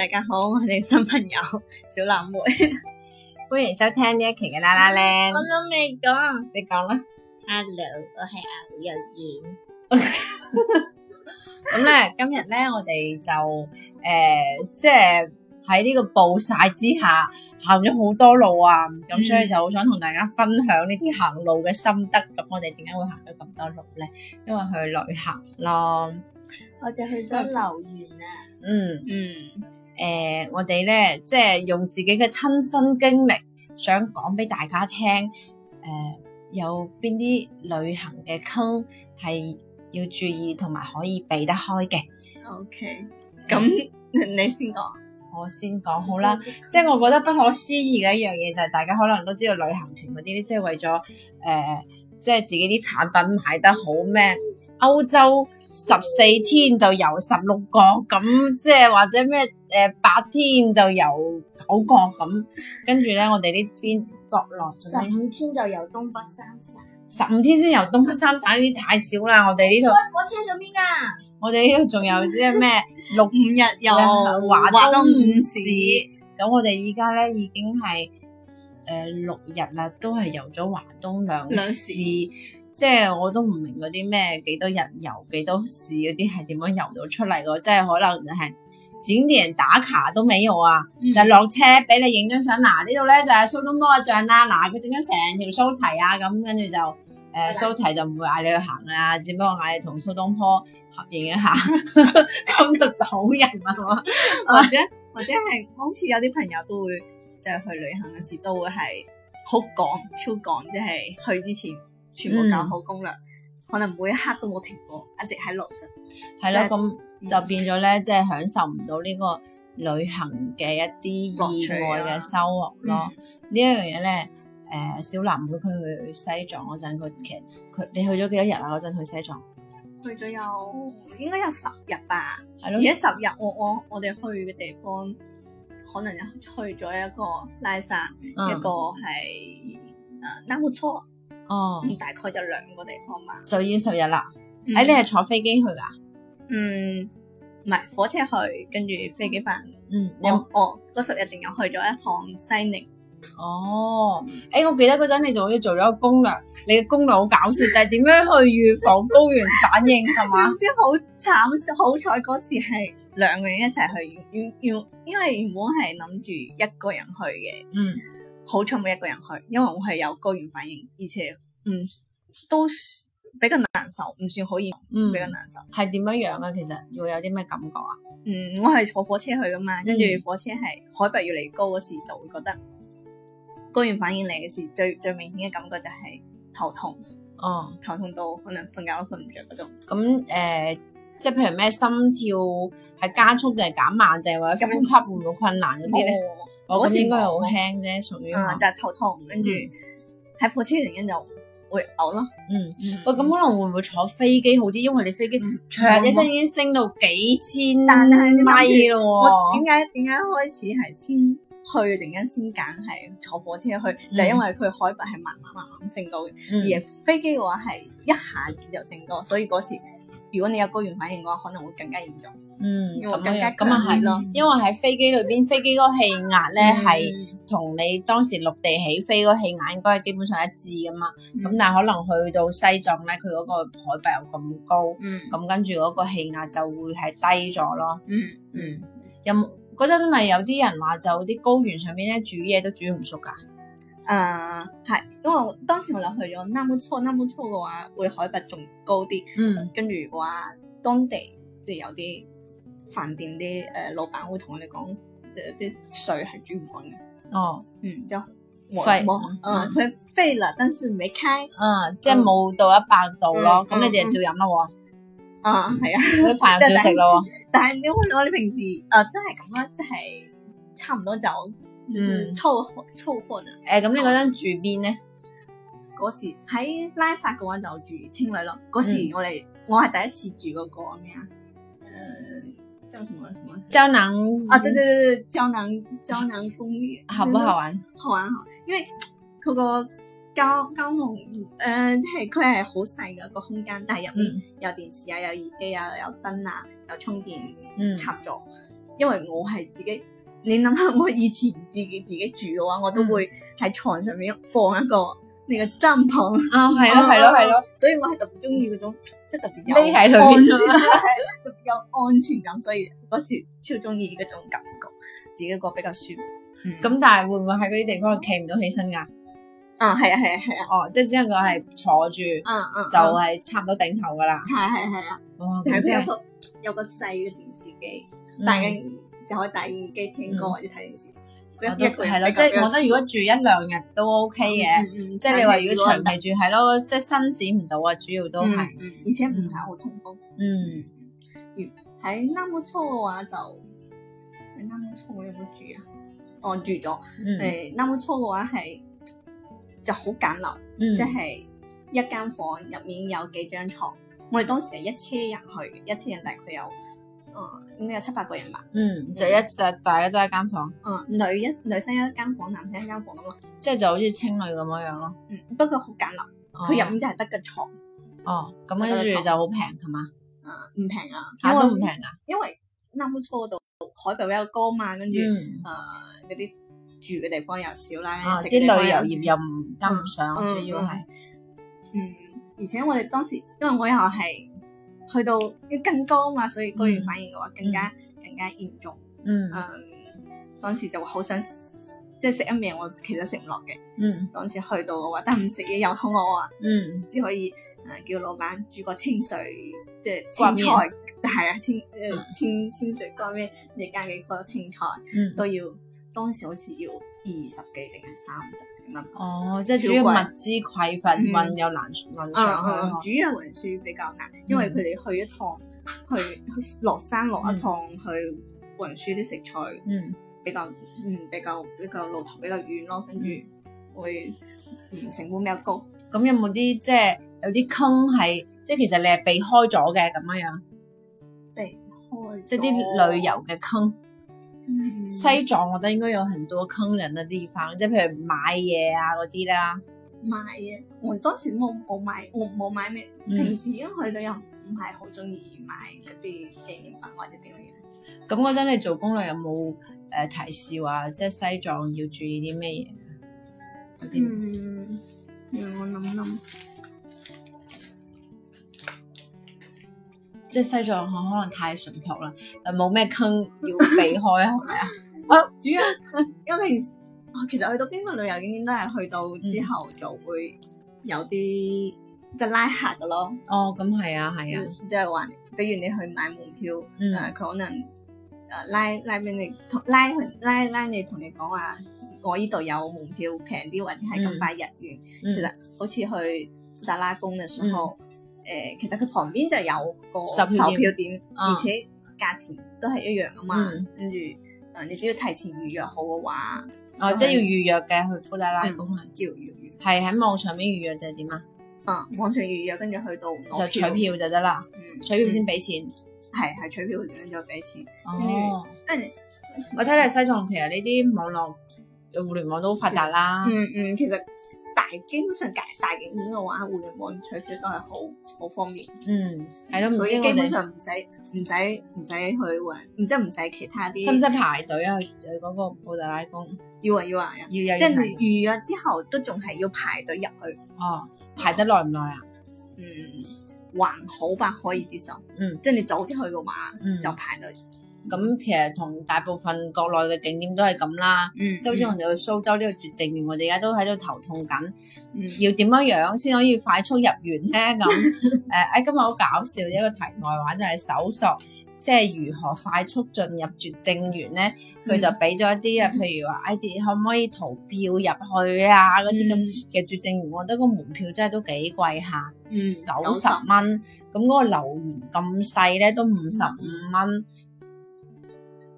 大家好，我哋新朋友小藍莓，歡迎收聽呢一期嘅啦啦咧。我都未講，你講啦。Hello，我係阿友燕。咁咧，今日咧，我哋就誒，即係喺呢個暴曬之下行咗好多路啊。咁所以就好想同大家分享呢啲行路嘅心得。咁我哋點解會行到咁多路咧？因為去旅行咯。我哋去咗留園啊。嗯嗯。誒、呃，我哋咧即係用自己嘅親身經歷，想講俾大家聽。誒、呃，有邊啲旅行嘅坑係要注意，同埋可以避得開嘅。OK，咁你先講，我先講好啦。即係我覺得不可思議嘅一樣嘢，就係、是、大家可能都知道旅行團嗰啲咧，即係為咗誒、呃，即係自己啲產品賣得好咩？歐洲十四天就遊十六個，咁即係或者咩？誒、呃，八天就遊九國咁，跟住咧，我哋呢邊角落，十五天就遊東北三省，十五天先遊東北三省呢啲太少啦，我哋呢度。火車上邊噶。我哋呢度仲有啲咩 六五日遊華 東五市，咁我哋而家咧已經係誒、呃、六日啦，都係遊咗華東兩市，市即係我都唔明嗰啲咩幾多日遊幾多市嗰啲係點樣遊到出嚟噶，即係可能係。景點打卡都未有啊，就落車俾你影張相嗱，呢度咧就係蘇東坡像啦，嗱佢整咗成條、呃、的蘇堤啊咁，跟住就誒蘇堤就唔會嗌你去行啦，只不過嗌你同蘇東坡合影一下，咁 就走人啦、啊， 或者或者係好似有啲朋友都會即係、就是、去旅行嘅時都會係好趕超趕，即、就、係、是、去之前全部搞好攻略。嗯可能每一刻都冇停過，一直喺路上。係啦，咁就變咗咧，即、就、係、是、享受唔到呢個旅行嘅一啲意外嘅收穫咯。啊嗯、呢一樣嘢咧，誒小藍妹佢去西藏嗰陣，佢其實佢你去咗幾多日啊？嗰陣去西藏，去咗有應該有十日吧。係咯、嗯，而家十日，我我我哋去嘅地方，可能有去咗一個拉薩，一個係啊南木措。哦、嗯，大概就兩個地方嘛，就已經十日啦。嗯、哎，你係坐飛機去㗎？嗯，唔係火車去，跟住飛機返。嗯哦，哦，嗰十日仲有去咗一趟西寧。哦，哎、欸，我記得嗰陣你仲要做咗個攻略，你嘅攻略好搞笑，就係、是、點樣去預防高原反應，係嘛？ 即係好慘，好彩嗰時係兩個人一齊去，要要，因為原本係諗住一個人去嘅。嗯。好彩冇一個人去，因為我係有高原反應，而且嗯都比較難受，唔算好嚴重，嗯、比較難受。係點、嗯、樣樣、啊、噶？其實會有啲咩感覺啊？嗯，我係坐火車去噶嘛，跟住火車係海拔越嚟越高嗰時就會覺得高原反應嚟嘅時，最最明顯嘅感覺就係頭痛。哦、嗯，頭痛到可能瞓覺都瞓唔着嗰種。咁誒、嗯呃，即係譬如咩心跳係加速就係減慢，就係或者呼吸會唔會困難嗰啲咧？嗯我嗰時應該係好輕啫，屬於、嗯、就係頭痛，跟住喺火車突然間、嗯、就會嘔咯、嗯。嗯，喂、欸，咁可能會唔會坐飛機好啲？因為你飛機長，你已經升到幾千、嗯、但米咯。點解點解開始係先去陣間先揀係坐火車去？就係、是、因為佢海拔係慢慢慢慢升高嘅，嗯、而飛機嘅話係一下子就升高，所以嗰時。如果你有高原反應嘅話，可能會更加嚴重。嗯，咁啊係咯，嗯嗯、因為喺飛機裏邊，嗯、飛機嗰個氣壓咧係同你當時陸地起飛嗰氣壓應該係基本上一致噶嘛。咁、嗯、但係可能去到西藏咧，佢嗰個海拔又咁高，咁、嗯、跟住嗰個氣壓就會係低咗咯。嗯嗯，嗯有冇嗰陣咪有啲人話就啲高原上面咧煮嘢都煮唔熟㗎？誒，係，因為當時我哋去咗納木錯，納木錯嘅話會海拔仲高啲，跟住嘅話當地即係有啲飯店啲誒老闆會同我哋講，啲水係煮唔翻嘅。哦，嗯，就黃黃，嗯，佢廢了，但是未開。嗯，即係冇到一百度咯，咁你哋就照飲啦喎。啊，係啊，啲飯照食啦喎。但係你講咧？我哋平時誒都係咁啦，即係差唔多就。嗯，粗粗康啊！誒，咁你嗰陣住邊咧？嗰時喺拉薩嘅話就住青旅咯。嗰、嗯、時我哋我係第一次住嗰、那個咩啊？誒，叫什麼、呃、什麼膠囊啊？對對對對，膠囊膠囊公寓，好不好玩、嗯？好玩呵，因為佢個膠膠囊誒，即係佢係好細嘅一個空間，但係入面有電視啊，有耳機啊，有燈啊，啊，有充電插座。因為我係自己。你諗下，我以前自己自己住嘅話，我都會喺床上面放一個你嘅帳篷。啊，係咯，係咯，係咯，所以我係特別中意嗰種，即係特別有安。係咯，係咯，比較安全感，所以嗰時超中意嗰種感覺，自己個比較舒服。咁但係會唔會喺嗰啲地方企唔到起身噶？啊，係啊，係啊，係啊。哦，即係只能夠係坐住。嗯嗯。就係差唔多頂頭噶啦。係係係啊。哦，睇下有有個細嘅電視機，但係。就可以戴耳機聽歌或者睇電視，一係咯，即係我覺得如果住一兩日都 OK 嘅，即係你話如果長期住係咯，即係伸展唔到啊，主要都係，而且唔係好通風。嗯，喺啱好初嘅話就，喺啱好初我有冇住啊？哦，住咗。誒，啱好初嘅話係就好簡陋，即係一間房入面有幾張床。我哋當時係一車人去，一車人大概有。哦，應該有七八個人吧。嗯，就一，大家都一間房。嗯，女一女生一間房，男生一間房咁咯。即係就好似青旅咁樣樣咯。嗯，不過好簡陋，佢入面真係得個床。哦，咁跟住就好平係嘛？啊，唔平啊，點解唔平啊？因為南澳島海拔比較高嘛，跟住誒嗰啲住嘅地方又少啦，啲旅遊業又唔跟唔上，主要係，嗯，而且我哋當時，因為我以後係。去到要更高嘛，所以高原反應嘅話更加、嗯、更加嚴重。嗯,嗯，當時就好想即係食一命，我其實食唔落嘅。嗯，當時去到嘅話，但係唔食嘢又肚餓啊。嗯，只可以誒叫老闆煮個清水即係青菜，係然啊，清清清水乾咩？嗯、你加幾多青菜都要，嗯、當時好似要二十幾定係三十。哦，即係主要物資匱乏，運又難運上去，主要運輸比較難，嗯、因為佢哋去一趟去去落山落一趟去運輸啲食材，嗯，嗯，比較嗯比較比較路途比較遠咯，跟住會成本比較高。咁、嗯嗯、有冇啲即係有啲坑係，即、就、係、是就是、其實你係避開咗嘅咁樣樣，避開即係啲旅遊嘅坑。嗯、西藏我覺得應該有很多坑人嘅地方，即係譬如買嘢啊嗰啲啦。買嘢，我當時冇冇買，我冇買咩。嗯、平時因為去旅遊，唔係好中意買嗰啲紀念品或者點樣。咁嗰陣你做攻略有冇誒提示話、啊，即係西藏要注意啲咩嘢？啲？嗯，讓我諗諗。即係西藏可能太純朴啦，誒冇咩坑要避開，係咪啊？主要 因為平時其實去到邊個旅遊景點，永遠都係去到之後就、嗯、會有啲即拉客嘅咯。哦，咁係啊，係啊，即係話，比如你去買門票，誒佢、嗯、可能誒拉拉俾你同拉拉拉你同你講話、啊，我依度有門票平啲，或者係咁快入完。嗯、其實好似去布達拉宮嘅時候。誒，其實佢旁邊就有個售票點，嗯、而且價錢都係一樣啊嘛。跟住、嗯，誒，你只要提前預約好嘅話，哦，是哦，即係要預約嘅去布達拉宮啊。要要預。係喺網上面預約就係點啊？嗯，網上預約，跟住去到就取票就得啦，嗯嗯嗯。取票先俾錢，係係取票，跟住俾錢。哦，誒，哎、我睇嚟西藏其實呢啲網絡、互聯網都好發達啦。嗯嗯，其實。但係基本上隔大景點嘅話，互聯網取水都係好好方便。嗯，係咯，所以基本上唔使唔使唔使去搵，唔，即係唔使其他啲。使唔使排隊去嗰個布達拉宮？要啊要啊，即係預約之後都仲係要排隊入去。哦，排得耐唔耐啊？嗯，還好吧，可以接受。嗯，即係你早啲去嘅話，嗯，就排隊。咁其實同大部分國內嘅景點都係咁啦，即好似我哋去蘇州呢個拙政園，我哋而家都喺度頭痛緊，嗯、要點樣樣先可以快速入園咧？咁誒、 嗯，誒今日好搞笑一、這個題外話就係搜索，即、就、係、是、如何快速進入拙政園咧？佢、嗯、就俾咗一啲啊，譬如話誒，哎、可唔可以逃票入去啊？嗰啲咁嘅實拙政園，我覺得個門票真係都幾貴嚇，九十蚊，咁嗰 90 90. 個留園咁細咧，都五十五蚊。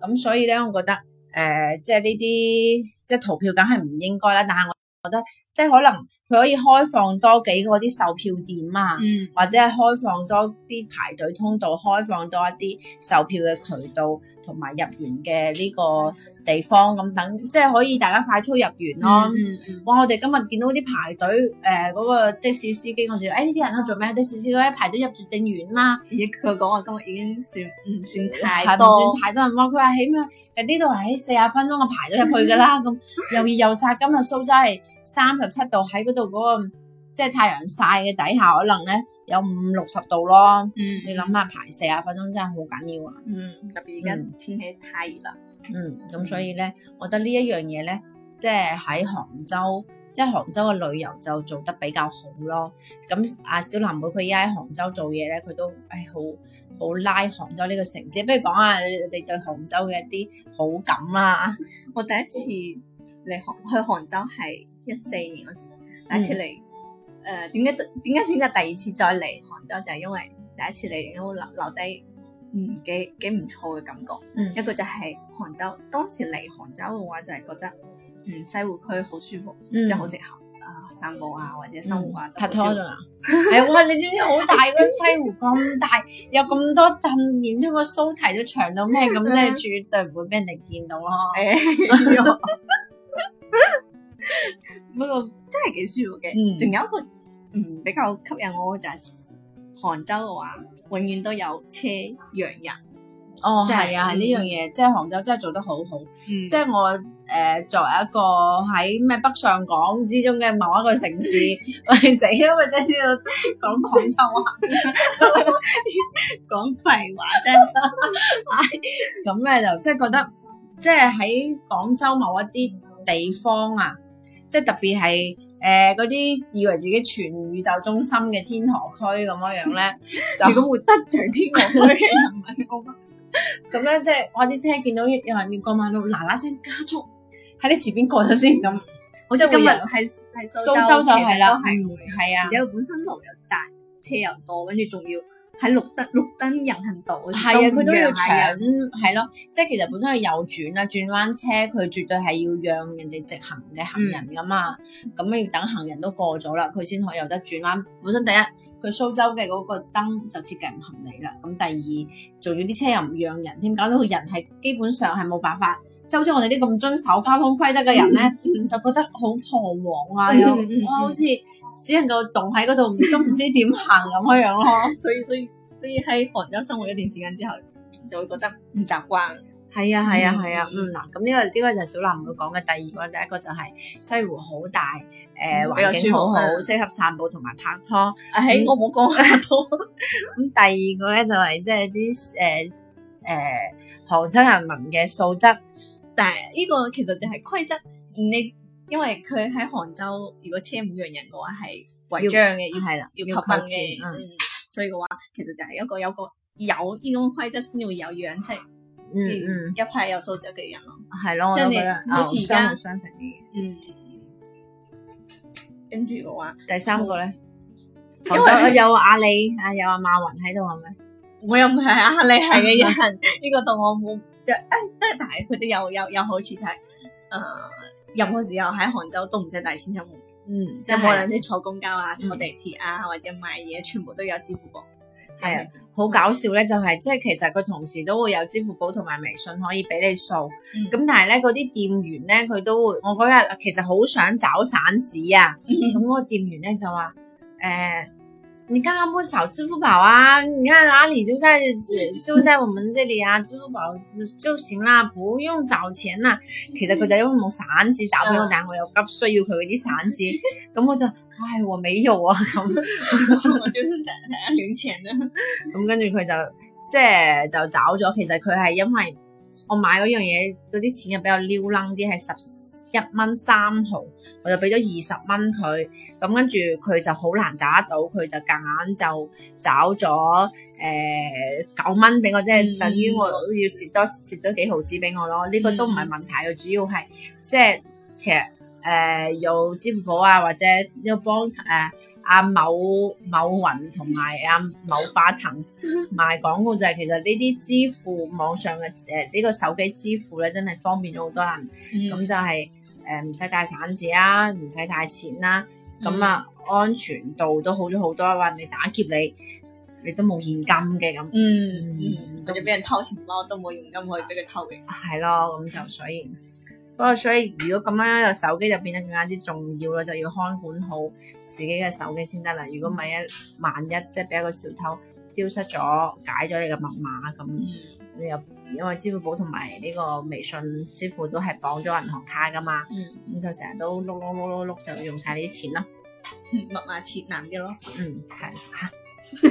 咁所以咧，我覺得，誒、呃，即係呢啲，即係逃票梗係唔應該啦。但係我覺得，即係可能。佢可以開放多幾個啲售票點啊，嗯、或者係開放多啲排隊通道，開放多一啲售票嘅渠道同埋入園嘅呢個地方咁等，即係可以大家快速入園咯、啊。嗯嗯嗯嗯、哇！我哋今日見到啲排隊，誒、呃、嗰、那個的士司機，我哋誒呢啲人咧做咩的士司機一排都入住正園啦。咦、呃？佢講話今日已經算唔算太多？唔算太多人。哇！佢話起碼喺呢度係四十分鐘就排咗入去㗎啦。咁又熱又曬，今日蘇州係。三十七度喺嗰度嗰個，即係太陽曬嘅底下，可能咧有五六十度咯。嗯、你諗下排四啊分鐘真係好緊要啊、嗯！嗯，特別而家天氣太熱啦。嗯，咁所以咧，嗯、我覺得呢一樣嘢咧，即係喺杭州，即係杭州嘅旅遊就做得比較好咯。咁阿小林妹佢依家喺杭州做嘢咧，佢都誒、哎、好好拉杭州呢個城市。不如講下你對杭州嘅一啲好感啦、啊。 我第一次嚟杭去杭州係。一四年我第一次嚟，誒點解點解選擇第二次再嚟杭州？就係因為第一次嚟，我留留低嗯幾幾唔錯嘅感覺。一個就係杭州，當時嚟杭州嘅話就係覺得嗯西湖區好舒服，即係好適合啊散步啊或者生活啊。拍拖咗啦？係哇！你知唔知好大個西湖咁大，有咁多凳，然之後個蘇堤都長到咩咁，即係絕對唔會俾人哋見到咯。不過真係幾舒服嘅，仲、嗯、有一個嗯比較吸引我嘅就係、是、杭州嘅話，永遠都有車讓人哦，係、就是嗯、啊，係呢樣嘢，即、就、係、是、杭州真係做得好好，嗯、即係我誒、呃、作為一個喺咩北上廣之中嘅某一個城市， 我死因為真知道講廣州話，講廢 話啫，咁咧、 嗯，就即係覺得即係喺廣州某一啲地方啊。即係特別係誒嗰啲以為自己全宇宙中心嘅天河區咁樣樣咧，就 如果會得罪天河區，咁 樣即係我啲車見到有人要過馬路嗱嗱聲加速喺你前邊過咗先咁， 好似今日係係蘇州嘅都係啦，係會，係啊，而且本身路又大，車又多，跟住仲要。喺綠燈綠燈人行道，係啊的，佢都，都要搶，係咯，即係其實本身係右轉啦，轉彎車佢絕對係要讓人哋直行嘅行人噶嘛，咁啊要等行人都過咗啦，佢先可以有得轉彎。本身第一，佢蘇州嘅嗰個燈就設計唔合理啦。咁第二，仲要啲車又唔讓人添，搞到個人係基本上係冇辦法。即係好似我哋啲咁遵守交通規則嘅人咧，嗯、就覺得好彷徨啊，好似～只能夠棟喺嗰度，都唔知點行咁樣咯， 所以所以所以喺杭州生活一段時間之後，就會覺得唔習慣。係啊係啊係啊，啊啊嗯嗱，咁呢個呢、這個就係小藍會講嘅第二個，第一個就係西湖好大，誒、呃、環境好好，適合散步同埋拍拖。誒、啊嗯欸、我冇講拍拖。咁第二個咧就係即係啲誒誒杭州人民嘅素質，但係呢個其實就係規則，你。因為佢喺杭州，如果車唔讓人嘅話係違章嘅，要係啦，要扣分嘅，所以嘅話其實就係一個有個有呢種規則先會有養出，嗯嗯，一派有素質嘅人咯，係咯，真係好似而家相輔相成，跟住嘅話，第三個咧，因為佢有阿里啊，有阿馬雲喺度係咪？我又唔係阿里系嘅人，呢個對我冇，誒，但係佢哋有有有好處就係，誒。任何時候喺杭州都唔使帶錢出門，嗯，即係無論你坐公交啊、坐地鐵啊 或者買嘢，全部都有支付寶。係， 好搞笑咧、就係，就係即係其實佢同時都會有支付寶同埋微信可以俾你掃，咁、嗯、但係咧嗰啲店員咧，佢都會，我嗰日其實好想找散紙啊，咁嗰、嗯、 個店員咧就話，誒、呃。你剛剛唔係掃支付寶啊？你看阿里就在就在我們這裏啊，支付寶就行啦，不用找錢啦，啊。其實佢就因為冇散紙找畀我，但係我又急需要佢嗰啲散紙，咁、嗯、我就唉、哎，我沒有啊，咁、嗯、 我就是想攞錢啊。咁、嗯、跟住佢就即係就，就找咗，其實佢係因為我買嗰樣嘢嗰啲錢又比較溜楞啲，係十四，一蚊三毫，我就俾咗二十蚊佢，咁跟住佢就好難找得到，佢就夾硬就找咗誒九蚊俾我，即係、嗯、等於我要蝕多蝕咗幾毫紙俾我咯。呢、呢個都唔係問題，主要係即係誒有支付寶啊，或者呢個幫誒阿、呃、某某、某雲同埋阿某花騰賣廣告就係、係、其實呢啲支付網上嘅誒呢個手機支付咧真係方便咗好多人，咁、嗯、就係、係。誒唔使帶散紙啦，唔使帶錢啦、啊，咁啊、嗯、安全度都好咗好多。話你打劫你，你都冇現金嘅咁，嗯，佢、嗯、或者俾人偷錢包都冇現金可以俾佢偷嘅。係咯、嗯，咁就所以，嗯、不過所以如果咁樣個手機就變得更加之重要啦，就要看管好自己嘅手機先得啦。如果萬一萬一即係俾一個小偷丟失咗解咗你嘅密碼咁，你又～、嗯因為支付寶同埋呢個微信支付都係綁咗銀行卡噶嘛，咁、嗯嗯、就成日都碌碌碌碌碌就用晒呢啲錢咯。密碼設難嘅咯，嗯係嚇，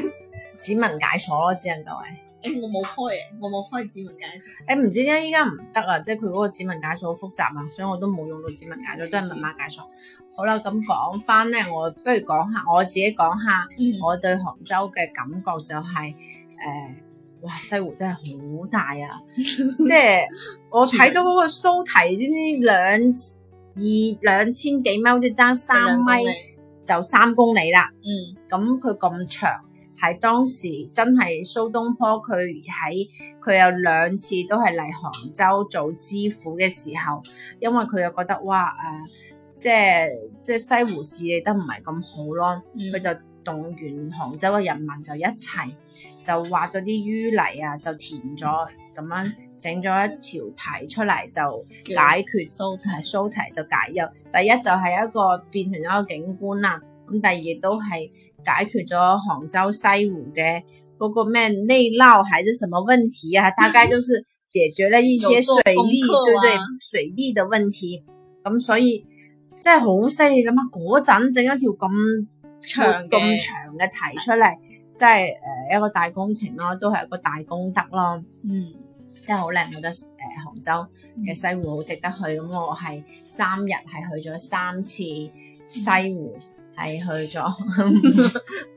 指紋解鎖咯，只能夠係。誒我冇開嘅，我冇開，開指紋解鎖。誒唔、欸、知咧，依家唔得啊，即係佢嗰個指紋解鎖好複雜啊，所以我都冇用到指紋解鎖，都係密碼解鎖。好啦，咁講翻咧，我不如講下我自己講下，嗯、我對杭州嘅感覺就係、是、誒。呃哇！西湖真係好大啊！ 即係我睇到嗰個蘇堤，知唔知兩二兩千幾米，好似爭三米，米就三公里啦。嗯，咁佢咁長，係當時真係蘇東坡佢喺佢有兩次都係嚟杭州做知府嘅時候，因為佢又覺得哇誒、呃，即係即係西湖治理得唔係咁好咯，佢就動員杭州嘅人民就一齊。就挖咗啲淤泥啊，就填咗咁樣整咗一條堤出嚟，就解決蘇堤，堤、啊、就解一。第一就係一個變成咗一個景觀啦，咁第二亦都係解決咗杭州西湖嘅嗰個咩泥濘，還是什麼問題啊？ 大家都是解決了一些水利，啊、對不對？水利的問題。咁所以，嗯、真係好犀利。咁啊嗰陣整一條咁長咁的長嘅堤出嚟。即係誒一個大工程咯，都係一個大功德咯。嗯，真係好靚，我覺得誒杭州嘅西湖好值得去。咁、嗯、我係三日係去咗三次、嗯、西湖，係去咗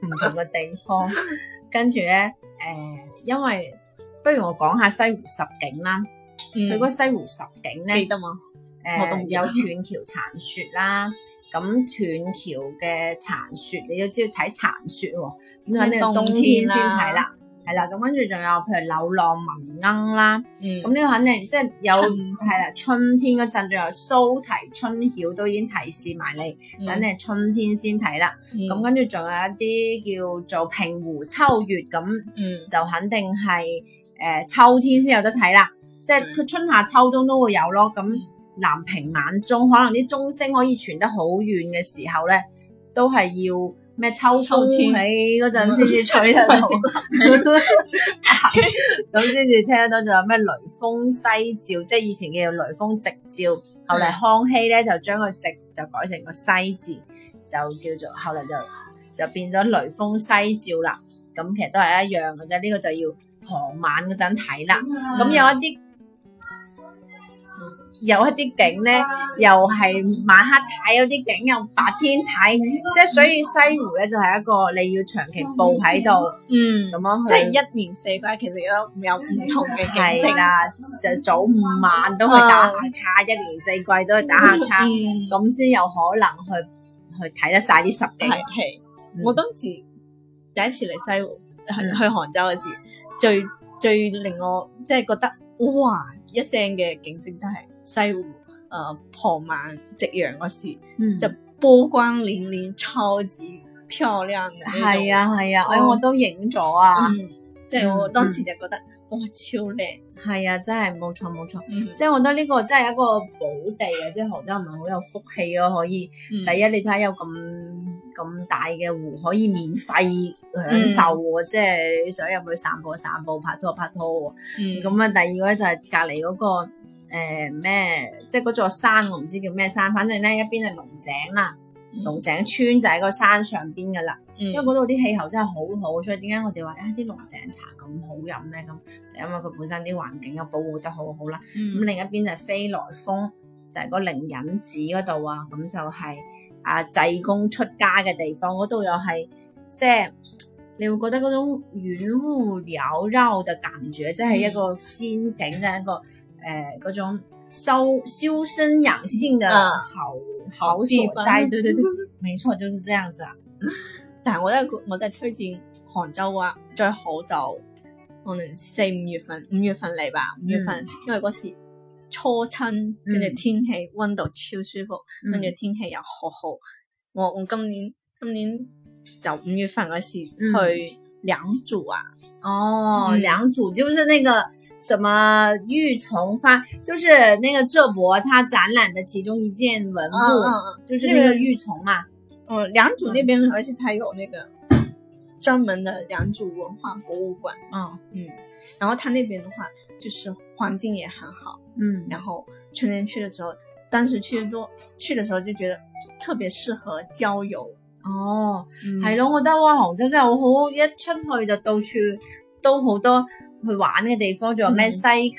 唔同嘅地方。跟住咧誒，因為不如我講下西湖十景啦。嗯。佢嗰西湖十景咧，記得冇？誒、呃、有斷橋殘雪啦。咁斷橋嘅殘雪，你都知道睇殘雪喎、哦，咁肯定冬天先睇啦，係啦、嗯。咁跟住仲有譬如柳浪聞鶯啦，咁呢、嗯、個肯定即係有係啦春，春天嗰陣，仲有蘇堤春曉都已經提示埋你，肯定係春天先睇啦。咁、嗯、跟住仲有一啲叫做平湖秋月，咁、嗯嗯、就肯定係誒、呃、秋天先有得睇啦。嗯、即係佢春夏秋冬都會有咯，咁、嗯。南屏晚鐘，可能啲鐘聲可以傳得好遠嘅時候咧，都係要咩秋秋天起嗰陣先至吹得到，咁先至聽得到。仲有咩雷峰西照，即係以前叫做雷峰夕照，後嚟康熙咧就將個夕就改成個西字，就叫做後嚟就就變咗雷峰西照啦。咁其實都係一樣嘅啫，呢、這個就要傍晚嗰陣睇啦。咁、嗯、有一啲。有一啲景咧，又係晚黑睇；有啲景又白天睇，即係、嗯、所以西湖咧就係、是、一個你要長期布喺度，咁、嗯、樣即係一年四季其實都有有唔同嘅景色。啊、嗯。就早午晚都去打卡，嗯、一年四季都去打卡，咁先、嗯嗯、有可能去去睇得晒啲十景。係，我當時、嗯、第一次嚟西湖去杭州嘅時，最最，最令我即係覺得哇一聲嘅景色真係～西湖，誒傍晚夕陽嗰時，就波光粼粼，超級漂亮嘅。係啊係啊，我我都影咗啊！即係我當時就覺得，哇超靚！係啊，真係冇錯冇錯，即係我覺得呢個真係一個寶地啊！即係杭州咪好有福氣咯，可以第一你睇下有咁咁大嘅湖可以免費享受喎，即係想入去散步散步、拍拖拍拖喎。咁啊，第二個咧就係隔離嗰個。誒咩、呃？即係嗰座山，我唔知叫咩山，反正咧一邊係龍井啦，龍、嗯、井村就喺個山上邊噶啦。嗯、因為嗰度啲氣候真係好好，所以點解我哋話啊啲龍井茶咁好飲咧？咁就因為佢本身啲環境又保護得好好啦。咁、嗯、另一邊就係飛來峰，就係、是、個靈隱寺嗰度、就是、啊，咁就係啊濟公出家嘅地方，嗰度又係即係你會覺得嗰種雲霧繚繞的感覺，即係一個仙境嘅一個。嗯嗯誒，嗰種修修身養性嘅好好所在，對對對，沒錯，就是這樣子啊。但我都係我都係推薦杭州啊，最好就可能四五月份，五月份嚟吧，五月份，因為嗰時初春，跟住天氣温度超舒服，跟住天氣又好好。我我今年今年就五月份嗰時去良渚啊。哦，良渚就是那個。什麼玉琮發，就是那個浙博，它展覽的其中一件文物，嗯、就是那個玉琮嘛。嗯，良渚、嗯、那邊，嗯、而且它有那個專門的良渚文化博物館。嗯嗯，嗯，然後它那邊的話，就是環境也很好。嗯，然後春天去的時候，當時去的多去的時候就覺得特別適合郊遊。哦，海龍、嗯，我覺得哇，杭州真係好好，一出去就都去，都好多。去玩嘅地方仲有咩西溪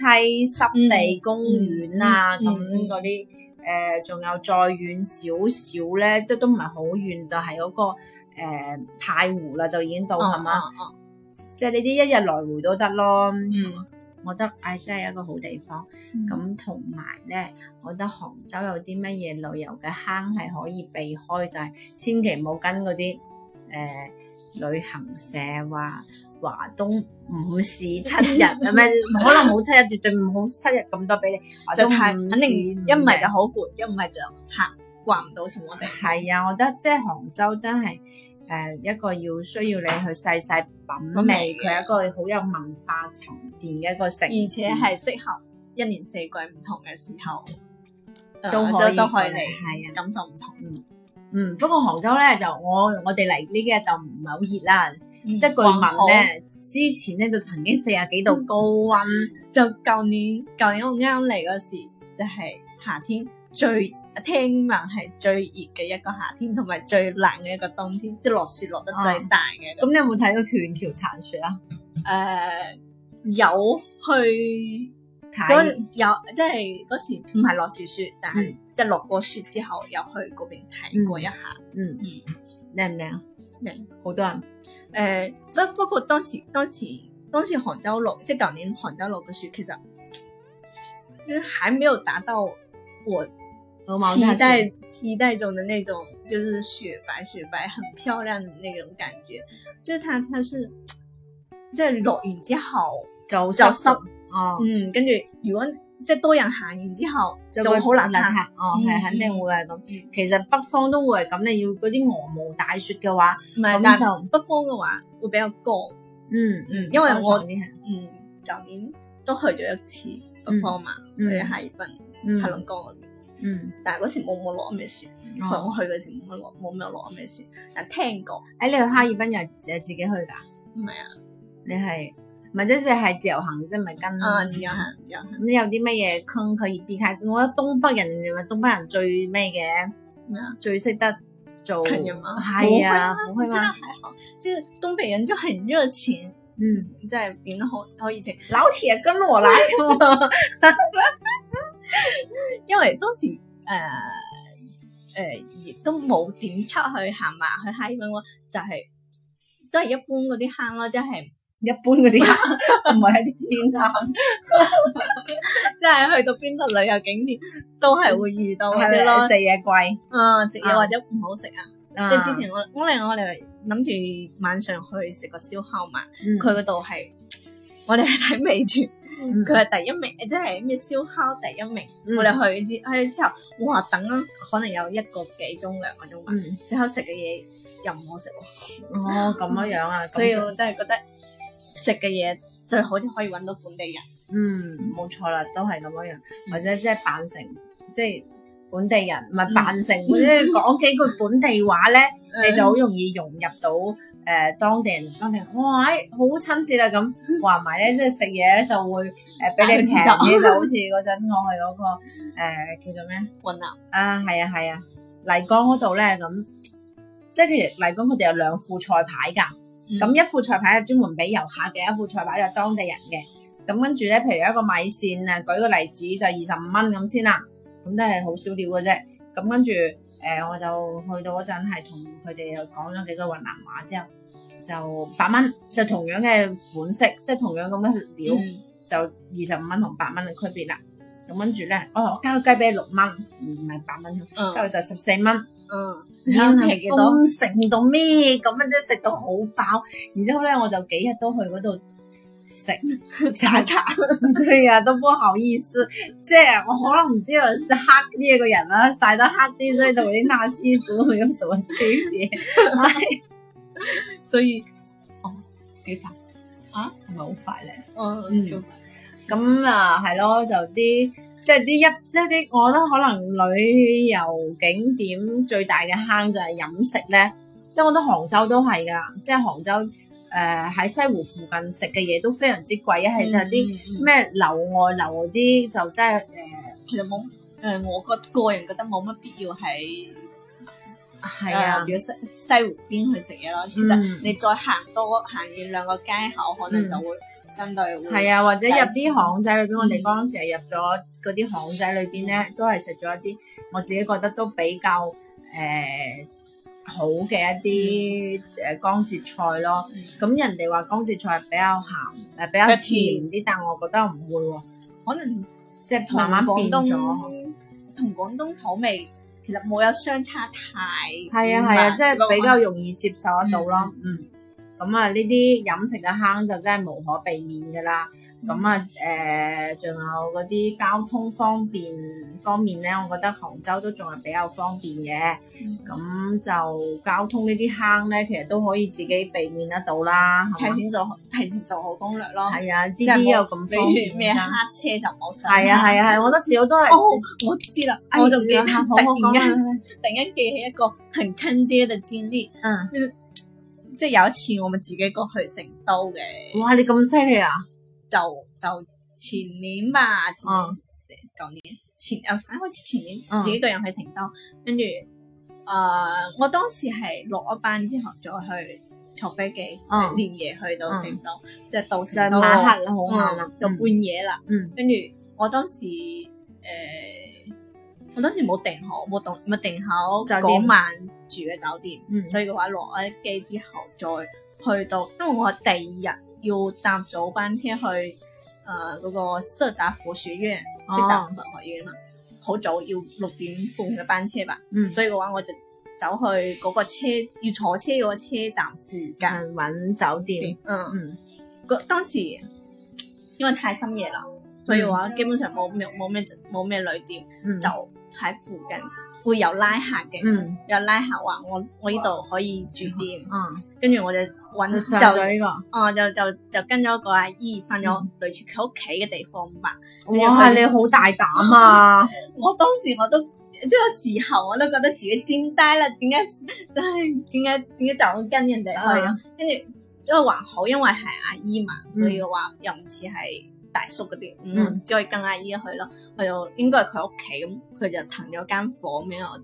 濕地公園啊，咁嗰啲誒，仲、嗯嗯、有再遠少少咧，即係都唔係好遠，就係、是、嗰、那個太、呃、湖啦，就已經到係嘛？即係你哋一日來回都得咯。嗯、我覺得唉、哎，真係一個好地方。咁同埋咧，我覺得杭州有啲乜嘢旅遊嘅坑係可以避開，就係、是、千祈唔好跟嗰啲誒旅行社話。華東五市七日，係咪？可能冇七日，絕對唔好七日咁多俾你，就係肯定一唔係就好攰，一唔係就客逛唔到從我哋。係啊，我覺得即係杭州真係，誒，一個要需要你去細細品味佢係一個好有文化沉澱嘅一個城，而且係適合一年四季唔同嘅時候，都都可以嚟，係啊，感受唔同。嗯，不過杭州咧就我我哋嚟、嗯、呢幾日就唔係好熱啦，即係據聞咧之前咧就曾經四十幾度高溫，嗯、就舊年舊年我啱嚟嗰時就係、是、夏天最聽聞係最熱嘅一個夏天，同埋最冷嘅一個冬天，即係落雪落得最大嘅。咁、啊、你有冇睇到斷橋殘雪啊？誒、嗯， 有去。嗰有即係嗰時唔係落住雪，但係即係落過雪之後，又去嗰邊睇過一下。嗯嗯，靚唔靚啊？靚，好多人。誒，不不過當時當時當時杭州落，即係舊年杭州落嘅雪，其實，就還沒有達到我期待期待中的那種，就是雪白雪白、很漂亮嘅那種感覺。就是它，它是即係落完之後就就濕。悉哦，嗯，跟住如果即係多人行完之後就會好難行，哦，係肯定會係咁。其實北方都會係咁，你要嗰啲鵝毛大雪嘅話，咁就北方嘅話會比較乾。嗯嗯，因為我嗯舊年都去咗一次北方嘛，去哈爾濱、黑龍江嗰邊。嗯，但係嗰時冇冇落咩雪，我去嗰時冇冇冇冇落咩雪。但係聽過，誒，你去哈爾濱又係自己去噶？唔係啊，你係。咪即係自由行啫，咪跟自由行自由行。咁、啊嗯、有啲乜嘢坑可以避開？我覺得東北人，東北人最咩嘅？麼最識得做。係啊，唔會嘛。會嗎？真係好，即、就、係、是、東北人就很熱情。嗯，真係點都好熱情。可以接老鐵跟我啦，因為當時誒誒亦都冇點出去行埋去閪咁喎，就係、是、都係一般嗰啲坑咯，即、就、係、是。就是一般嗰啲唔係喺啲天堂，即係去到邊度旅遊景點都係會遇到，或者食嘢貴，啊食嘢或者唔好食啊！即係之前我我嚟我哋諗住晚上去食個燒烤嘛，佢嗰度係我哋係睇美團，佢係第一名，即係咩燒烤第一名。我哋去之去之後，哇！等緊可能有一個幾鐘頭兩個鐘，之後食嘅嘢又唔好食喎。哦，咁樣樣啊，所以我真係覺得。食嘅嘢最好都可以揾到本地人，嗯，冇錯啦，都係咁樣樣，或者即係扮成即係、就是、本地人，唔係扮成，嗯、或者講幾句本地話咧，嗯、你就好容易融入到誒、呃、當地人。當地人哇，好、欸、親切啦咁，同埋咧即係食嘢就會誒、呃、畀你平，嘢就好似嗰陣我係嗰、那個、呃、叫做咩？雲南了啊，係啊係啊，麗、啊啊啊啊、江嗰度咧咁，即係譬如麗江佢哋有兩副菜牌㗎。咁、嗯、一副菜牌係專門俾遊客嘅，一副菜牌就當地人嘅。咁跟住咧，譬如一個米線啊，舉個例子就二十五蚊咁先啦。咁都係好少料嘅啫。咁跟住，誒、呃，我就去到嗰陣係同佢哋又講咗幾個雲南話之後，就八蚊，就同樣嘅款式，即、就、係、是、同樣咁嘅料，嗯、就二十五蚊同八蚊嘅區別啦。咁跟住咧，哦，我加個雞髀六蚊，唔係八蚊，跟住、嗯、就十四蚊。嗯真係豐盛到咩咁啊！即係食到好飽，然之後咧我就幾日都去嗰度食刷卡。晒 對啊，都不好意思，即係我可能唔知係黑啲嘅人啦，曬得黑啲，所以同啲阿師傅去冇乜區別。所以，哦，幾快啊？係咪好快咧？哦，嗯，咁啊，係咯，就啲。即係啲一，即係啲，我覺得可能旅遊景點最大嘅坑就係飲食咧。即係我覺得杭州都係㗎，即係杭州誒，喺西湖附近食嘅嘢都非常之貴，一係就係啲咩樓外樓嗰啲就真係誒。其實冇誒，我個個人覺得冇乜必要喺係啊，如果西西湖邊去食嘢咯，其實你再行多行完兩個街口，可能就會。係啊，或者入啲巷仔裏邊，我哋當時係入咗嗰啲巷仔裏邊咧，都係食咗一啲我自己覺得都比較誒好嘅一啲誒江浙菜咯。咁人哋話江浙菜比較鹹誒，比較甜啲，但係我覺得唔會喎，可能即係慢慢變咗，同廣東口味其實冇有相差太。係啊係啊，即係比較容易接受得到咯，嗯。咁啊，呢啲飲食嘅坑就真係無可避免噶啦。咁啊，誒，仲有嗰啲交通方便方面咧，我覺得杭州都仲係比較方便嘅。咁就交通呢啲坑咧，其實都可以自己避免得到啦。提前做，提前做好攻略咯。係啊，啲有咁方便咩，黑車就冇上。係啊係啊係，我覺得自好都係。我知啦，我就記得突然間，突然間記起一個很坑爹嘅經歷。嗯。即係有一次，我咪自己過去成都嘅。哇！你咁犀利啊！就就前年吧，前年嗯，舊年前，前，啊，反正好似前年、嗯、自己個人去成都，跟住誒，我當時係落咗班之後，再去坐飛機，連、嗯、夜去到成都，嗯、即係到成都就晚黑啦，好晚啦，嗯、就半夜啦，嗯，跟住、嗯、我當時誒。呃我當時冇定好，冇當咪定好嗰晚住嘅酒店，酒店所以嘅話落咗機之後再去到，因為我第二日要搭早班車去，誒、呃、嗰、那個色達佛學院，色達佛學院啊，好早要六點半嘅班車吧，嗯、所以嘅話我就走去嗰個車要坐車嗰個車站附近揾、嗯、酒店。嗯嗯，嗰、嗯、當時因為太深夜啦，所以嘅話、嗯、基本上冇冇冇咩冇咩旅店就。嗯喺附近會有拉客嘅，嗯、有拉客話我我呢度可以住店，嗯、跟住我就揾就呢、呢個，哦就、嗯、就就，就跟咗個阿姨瞓咗類似佢屋企嘅地方吧。嗯、哇！係你好大膽啊！ 我當時我都即係、呢個、時候我都覺得自己煎低啦，點解點解點解就跟人哋去？啊、跟住因為還好，因為係阿姨嘛，所以嘅話又唔似係。嗯大叔嗰啲，嗯，只可以跟阿姨去咯。佢就應該係佢屋企咁，佢就騰咗間房俾我，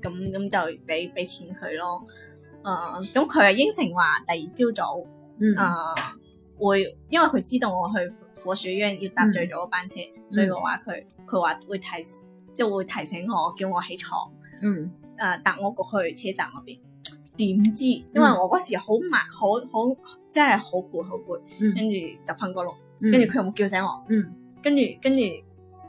咁咁就俾俾錢佢咯。誒、呃，咁佢係應承話第二朝早誒、嗯呃、會，因為佢知道我去火水醫院要搭最早班車，嗯、所以嘅話佢，佢話會提即係會提醒我叫我起床。嗯，誒、呃、搭我過去車站嗰邊，點知，因為我嗰時好慢，好好真係好攰，好攰，跟住就瞓過落。跟住佢又冇叫醒我？嗯，跟住跟住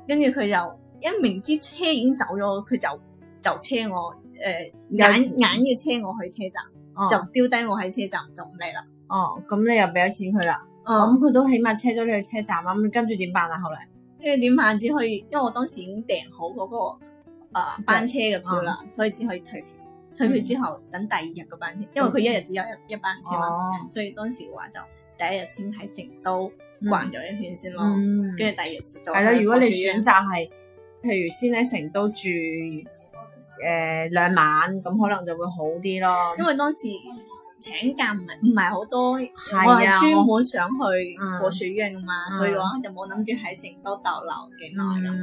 跟住佢就因明知車已經走咗，佢就就車我誒，硬硬要車我去車站，就丟低我喺車站就唔嚟啦。哦，咁你又俾咗錢佢啦？哦，咁佢都起碼車咗你去車站。咁跟住點辦啊？後嚟跟住點辦只可以，因為我當時已經訂好嗰個誒班車嘅票啦，所以只可以退票。退票之後等第二日嘅班車，因為佢一日只有一一班車嘛，所以當時話就第一日先喺成都。逛咗一圈先咯，跟住第二日就係啦。如果你選擇係，譬如先喺成都住誒兩晚，咁可能就會好啲咯。因為當時請假唔係唔係好多，我係專門想去過雪山嘅噶嘛，所以話就冇諗住喺成都逗留幾耐咯。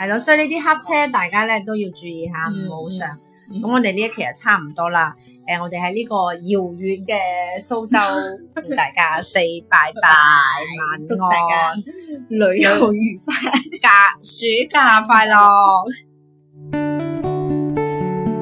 係咯，所以呢啲黑車大家咧都要注意下，唔好上。咁我哋呢一期啊差唔多啦。誒、呃，我哋喺呢個遙遠嘅蘇州，同 大家四拜拜，晚 Bye bye, 安，旅遊愉快， 假暑假快樂。